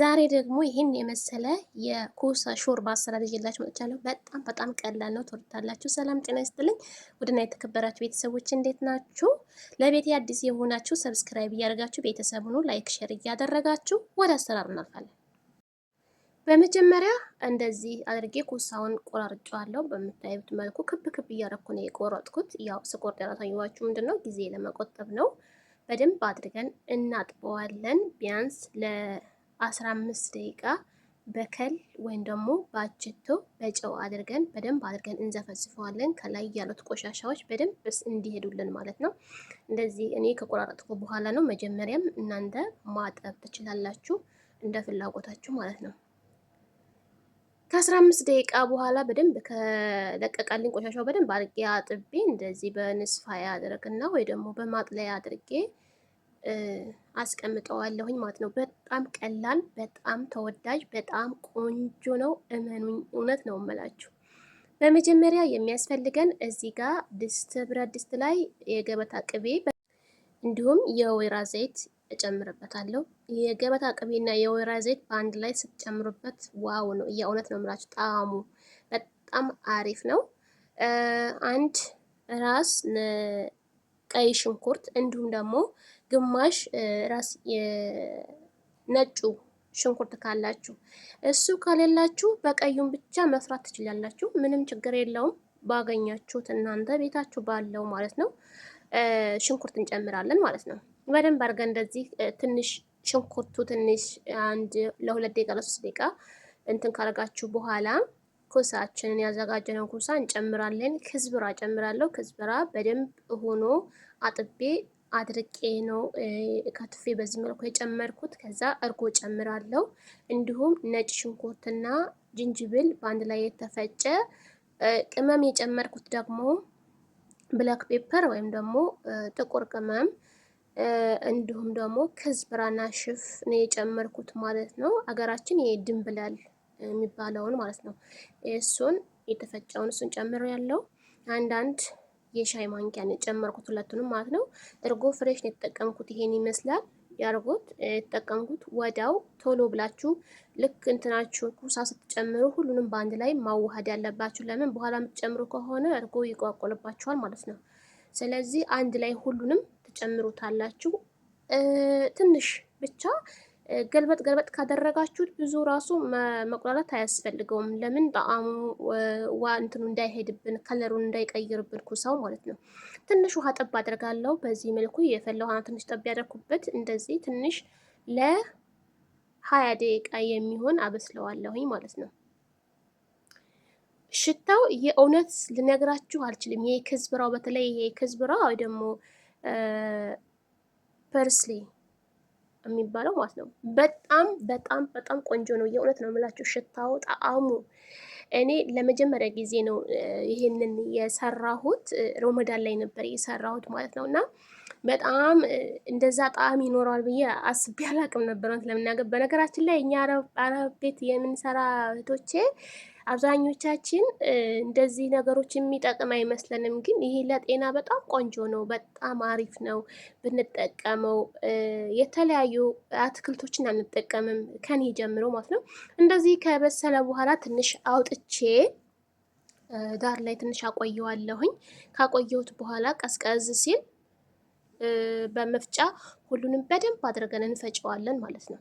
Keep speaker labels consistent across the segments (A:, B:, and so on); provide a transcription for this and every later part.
A: ዛሬ ደግሞ ይህን የመሰለ የኩሳ ሾርባ አሰራር ይዤላችሁ መጥቻለሁ። በጣም በጣም ቀላል ነው፣ ትወዱታላችሁ። ሰላም ጤና ይስጥልኝ። ውድና የተከበራችሁ ቤተሰቦች እንዴት ናችሁ? ለቤት አዲስ የሆናችሁ ሰብስክራይብ እያደረጋችሁ ቤተሰቡኑ ላይክ፣ ሼር እያደረጋችሁ ወደ አሰራር እናልፋለን። በመጀመሪያ እንደዚህ አድርጌ ኩሳውን ቆራርጫዋለሁ። በምታዩት መልኩ ክብ ክብ እያረኩ ነው የቆረጥኩት። ያው ስቆርጥ ያላሳየኋችሁ ምንድን ነው ጊዜ ለመቆጠብ ነው። በደንብ አድርገን እናጥበዋለን ቢያንስ ለ 15 ደቂቃ በከል ወይም ደግሞ በአችቶ በጨው አድርገን በደንብ አድርገን እንዘፈዝፈዋለን። ከላይ ያሉት ቆሻሻዎች በደንብ እንዲሄዱልን ማለት ነው። እንደዚህ እኔ ከቆራረጥኩ በኋላ ነው። መጀመሪያም እናንተ ማጠብ ትችላላችሁ፣ እንደ ፍላጎታችሁ ማለት ነው። ከ15 ደቂቃ በኋላ በደንብ ከለቀቀልኝ ቆሻሻው በደንብ አድርጌ አጥቤ እንደዚህ በንስፋ ያድርግና ወይ ደግሞ በማጥለያ አድርጌ አስቀምጠዋለሁኝ ማለት ነው። በጣም ቀላል፣ በጣም ተወዳጅ፣ በጣም ቆንጆ ነው። እመኑኝ፣ እውነት ነው እምላችሁ። በመጀመሪያ የሚያስፈልገን እዚህ ጋር ድስት፣ ብረት ድስት ላይ የገበታ ቅቤ እንዲሁም የወይራ ዘይት እጨምርበታለሁ። የገበታ ቅቤና የወይራ ዘይት በአንድ ላይ ስትጨምሩበት ዋው ነው። የእውነት ነው የምላችሁ ጣዕሙ በጣም አሪፍ ነው። አንድ ራስ ቀይ ሽንኩርት እንዲሁም ደግሞ ግማሽ ራስ ነጩ ሽንኩርት ካላችሁ፣ እሱ ከሌላችሁ በቀዩም ብቻ መስራት ትችላላችሁ። ምንም ችግር የለውም። ባገኛችሁት እናንተ ቤታችሁ ባለው ማለት ነው ሽንኩርት እንጨምራለን ማለት ነው። በደንብ አድርገን እንደዚህ ትንሽ ሽንኩርቱ ትንሽ አንድ ለሁለት ደቂቃ ለሶስት ደቂቃ እንትን ካረጋችሁ በኋላ ኩሳችንን ነው ኩሳ እንጨምራለን። ክዝብራ ጨምራለሁ። ክዝብራ በደንብ ሆኖ አጥቤ አድርቄ ነው ከትፌ በዚህ መልኩ የጨመርኩት። ከዛ እርጎ ጨምራለሁ። እንዲሁም ነጭ ሽንኩርትና ጅንጅብል በአንድ ላይ የተፈጨ ቅመም የጨመርኩት ደግሞ ብላክ ፔፐር ወይም ደግሞ ጥቁር ቅመም እንዲሁም ደግሞ ክዝብራና ሽፍ ነው የጨመርኩት ማለት ነው። አገራችን ይሄ ድንብላል የሚባለውን ማለት ነው። እሱን የተፈጨውን እሱን ጨምሮ ያለው አንዳንድ የሻይ ማንኪያ ነው የጨመርኩት፣ ሁለቱንም ማለት ነው። እርጎ ፍሬሽ ነው የተጠቀምኩት። ይሄን ይመስላል ያርጎት የተጠቀምኩት። ወዳው ቶሎ ብላችሁ ልክ እንትናችሁ ኩሳ ስትጨምሩ ሁሉንም በአንድ ላይ ማዋሃድ ያለባችሁ። ለምን በኋላ የምትጨምሩ ከሆነ እርጎ ይቋቆልባችኋል ማለት ነው። ስለዚህ አንድ ላይ ሁሉንም ትጨምሩታላችሁ ትንሽ ብቻ ገልበጥ ገልበጥ ካደረጋችሁት ብዙ ራሱ መቁላላት አያስፈልገውም። ለምን ጣዕሙ ዋ እንትኑ እንዳይሄድብን ከለሩን እንዳይቀይርብን ኩሳው ማለት ነው። ትንሽ ውሃ ጠብ አድርጋለሁ። በዚህ መልኩ የፈላ ውሃ ትንሽ ጠብ ያደርኩበት እንደዚህ ትንሽ ለሀያ ደቂቃ የሚሆን አበስለዋለሁኝ ማለት ነው። ሽታው የእውነት ልነግራችሁ አልችልም። የክዝብራው በተለይ የክዝብራ ወይ ደግሞ ፐርስሌ የሚባለው ማለት ነው። በጣም በጣም በጣም ቆንጆ ነው። የእውነት ነው የምላችሁ ሽታው፣ ጣዕሙ እኔ ለመጀመሪያ ጊዜ ነው ይሄንን የሰራሁት። ሮመዳን ላይ ነበር የሰራሁት ማለት ነው እና በጣም እንደዛ ጣዕም ይኖረዋል ብዬ አስቤ አላቅም ነበር ለምናገር። በነገራችን ላይ እኛ አረብ ቤት የምንሰራ እህቶቼ አብዛኞቻችን እንደዚህ ነገሮች የሚጠቅም አይመስለንም፣ ግን ይሄ ለጤና በጣም ቆንጆ ነው፣ በጣም አሪፍ ነው ብንጠቀመው። የተለያዩ አትክልቶችን አንጠቀምም ከኔ ጀምሮ ማለት ነው። እንደዚህ ከበሰለ በኋላ ትንሽ አውጥቼ ዳር ላይ ትንሽ አቆየዋለሁኝ። ካቆየሁት በኋላ ቀዝቀዝ ሲል በመፍጫ ሁሉንም በደንብ አድርገን እንፈጨዋለን ማለት ነው።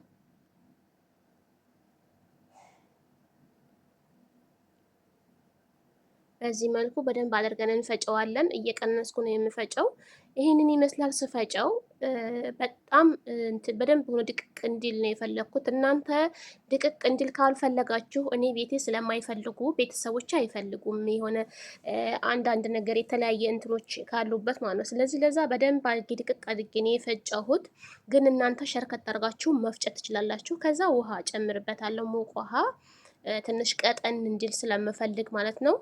A: በዚህ መልኩ በደንብ አድርገን እንፈጨዋለን። እየቀነስኩ ነው የምፈጨው። ይህንን ይመስላል ስፈጨው። በጣም በደንብ ሆኖ ድቅቅ እንዲል ነው የፈለግኩት። እናንተ ድቅቅ እንዲል ካልፈለጋችሁ እኔ ቤቴ ስለማይፈልጉ ቤተሰቦች አይፈልጉም፣ የሆነ አንዳንድ ነገር የተለያየ እንትኖች ካሉበት ማለት ነው። ስለዚህ ለዛ በደንብ አድርጌ ድቅቅ አድርጌ ነው የፈጨሁት። ግን እናንተ ሸርከት አድርጋችሁ መፍጨት ትችላላችሁ። ከዛ ውሃ ጨምርበታለሁ፣ ሞቅ ውሃ ትንሽ ቀጠን እንዲል ስለምፈልግ ማለት ነው።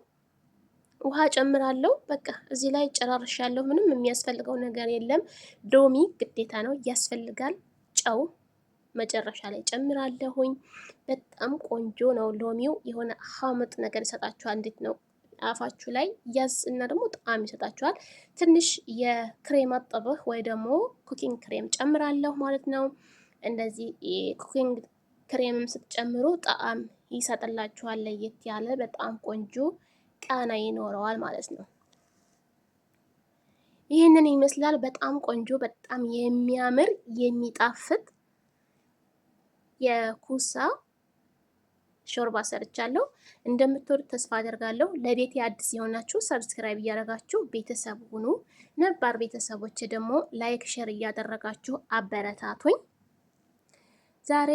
A: ውሃ ጨምራለሁ። በቃ እዚህ ላይ ጨራርሻለሁ። ምንም የሚያስፈልገው ነገር የለም። ሎሚ ግዴታ ነው ያስፈልጋል። ጨው መጨረሻ ላይ ጨምራለሁኝ። በጣም ቆንጆ ነው። ሎሚው የሆነ ሀምጥ ነገር ይሰጣችኋል። እንዴት ነው አፋችሁ ላይ ያዝ እና ደግሞ ጣዕም ይሰጣችኋል። ትንሽ የክሬም አጠበህ ወይ ደግሞ ኩኪንግ ክሬም ጨምራለሁ ማለት ነው። እንደዚህ ኩኪንግ ክሬምም ስትጨምሩ ጣዕም ይሰጥላችኋል ለየት ያለ በጣም ቆንጆ ቃና ይኖረዋል ማለት ነው። ይህንን ይመስላል። በጣም ቆንጆ በጣም የሚያምር የሚጣፍጥ የኩሳ ሾርባ ሰርቻለሁ። እንደምትወዱት ተስፋ አደርጋለሁ። ለቤት አዲስ የሆናችሁ ሰብስክራይብ እያደረጋችሁ ቤተሰብ ሁኑ። ነባር ቤተሰቦች ደግሞ ላይክ፣ ሸር እያደረጋችሁ አበረታቱኝ። ዛሬ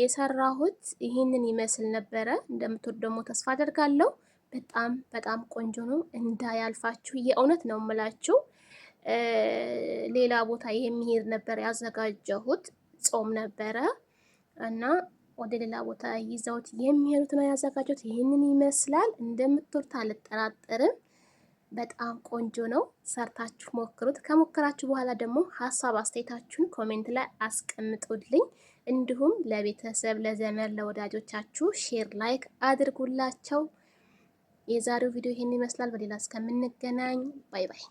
A: የሰራሁት ይህንን ይመስል ነበረ። እንደምትወዱ ደግሞ ተስፋ አደርጋለሁ። በጣም በጣም ቆንጆ ነው። እንዳያልፋችሁ የእውነት ነው የምላችሁ። ሌላ ቦታ የሚሄድ ነበር ያዘጋጀሁት፣ ጾም ነበረ እና ወደ ሌላ ቦታ ይዘውት የሚሄዱት ነው ያዘጋጀሁት። ይህንን ይመስላል። እንደምትወዱት አልጠራጠርም። በጣም ቆንጆ ነው። ሰርታችሁ ሞክሩት። ከሞከራችሁ በኋላ ደግሞ ሀሳብ አስተያየታችሁን ኮሜንት ላይ አስቀምጡልኝ። እንዲሁም ለቤተሰብ ለዘመድ፣ ለወዳጆቻችሁ ሼር ላይክ አድርጉላቸው። የዛሬው ቪዲዮ ይህን ይመስላል። በሌላ እስከምንገናኝ ባይ ባይ።